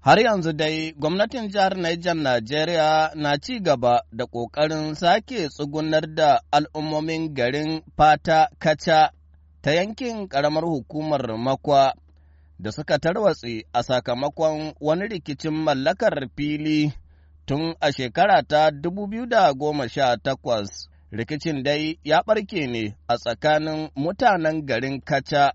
Har yanzu dai gwamnatin jihar Niger Najeriya na ci gaba da ƙoƙarin sake tsugunar da al'ummomin garin fata kaca ta yankin ƙaramar hukumar makwa da suka tarwatse a sakamakon wani rikicin mallakar fili tun a shekara ta 2018. Rikicin dai ya ɓarke ne a tsakanin mutanen garin kaca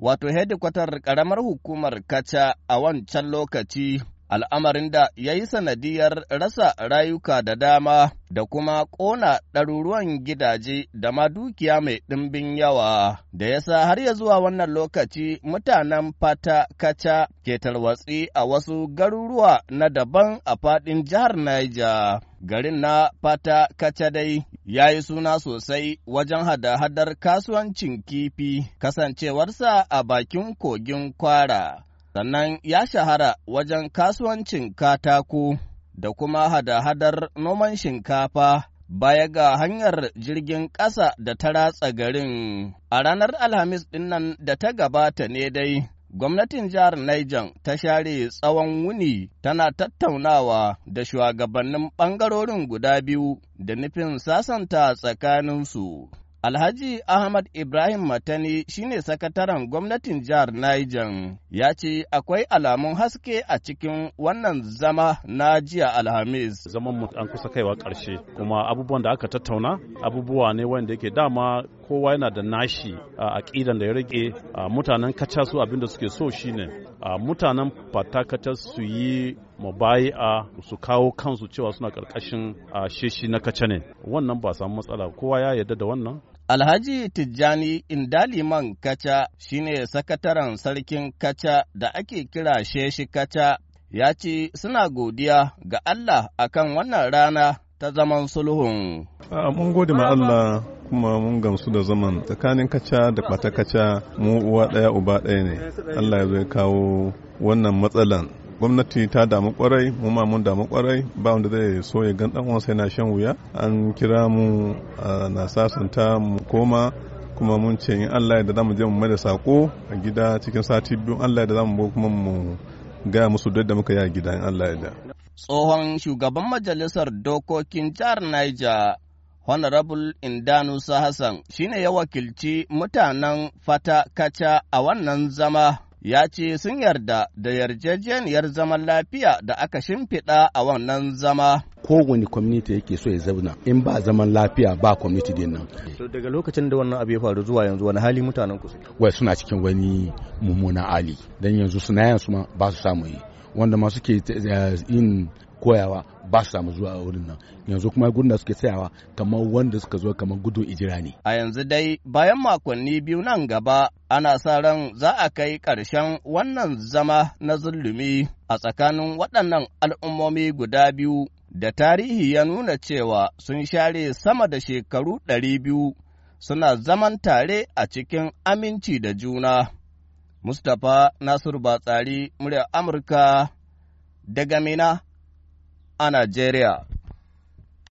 wato hedikwatar ƙaramar hukumar Kacha a wancan lokaci. al'amarin da ya yi sanadiyar rasa rayuka da dama da kuma ƙona ɗaruruwan gidaje da ma dukiya mai ɗimbin yawa, da ya sa har ya zuwa wannan lokaci mutanen fata kaca ke tarwatsi a wasu garuruwa na daban a faɗin jihar Naija. Garin na fata kaca dai ya yi suna sosai wajen hada-hadar kasuwancin kifi, kasancewarsa a bakin kogin kwara. sannan ya shahara wajen kasuwancin katako da kuma hada-hadar noman shinkafa baya ga hanyar jirgin ƙasa da ta ratsa garin. A ranar Alhamis ɗinnan da ta gabata ne dai, gwamnatin jihar Niger ta share tsawon wuni tana tattaunawa da shugabannin ɓangarorin guda biyu da nufin sasanta tsakaninsu. Alhaji Ahmad Ibrahim Matani shine sakataren gwamnatin jihar Niger ya ce akwai alamun haske a cikin wannan zama na jiya Alhamis. Zaman mu an kusa kaiwa ƙarshe kuma abubuwan da aka tattauna abubuwa ne wanda yake dama kowa yana da nashi a aƙidan da ya rage mutanen kaca su abinda suke so shine mutanen fatakatar su yi mabai'a su kawo kansu cewa suna karkashin a sheshi na kaca ne wannan ba samu matsala kowa ya yarda da wannan Alhaji Tijjani Indaliman Kacha shine sakataren sarkin Kaca da ake kira Sheshi Kacha ya ce suna godiya ga Allah akan wannan rana ta zaman sulhun. Mun gode ma Allah kuma mun gamsu da zaman tsakanin kaca da kwata kaca mu uwa ɗaya uba ɗaya ne Allah ya zo kawo wannan matsalan gwamnati ta damu kwarai mu ma mun damu kwarai ba wanda zai so ya gan dan uwansa yana shan wuya an kira mu na sasanta mu koma kuma mun ce in Allah ya da mu je mu mai da sako a gida cikin sati biyu Allah ya da mu kuma mu gaya musu da muka yi a gida in Allah ya da tsohon shugaban majalisar dokokin jihar Niger Honorable Indanu Hassan shine ya wakilci mutanen Fata Kacha a wannan zama ya ce sun yarda da yarjejeniyar zaman lafiya da aka shimfiɗa a wannan zama. kowane community yake so ya zauna in ba zaman lafiya ba community din nan. To daga lokacin da wannan abu ya faru zuwa yanzu wani hali mutanen ku Wai suna cikin wani mummuna Ali dan yanzu suna yansu ma ba su samu yi wanda ma suke eh, yin koyawa ba su samu zuwa a wurin nan yanzu kuma gudun da suke tsayawa kamar wanda suka zo kamar gudun ijira ne a yanzu dai bayan makonni biyu nan gaba ana sa ran za a kai ƙarshen wannan zama na zulumi a tsakanin waɗannan al'ummomi guda biyu da tarihi ya nuna cewa sun share sama da shekaru ɗari biyu suna zaman tare a cikin aminci da juna. Mustapha Nasiru Batsari, muryar Amurka, daga Mina. Nigeria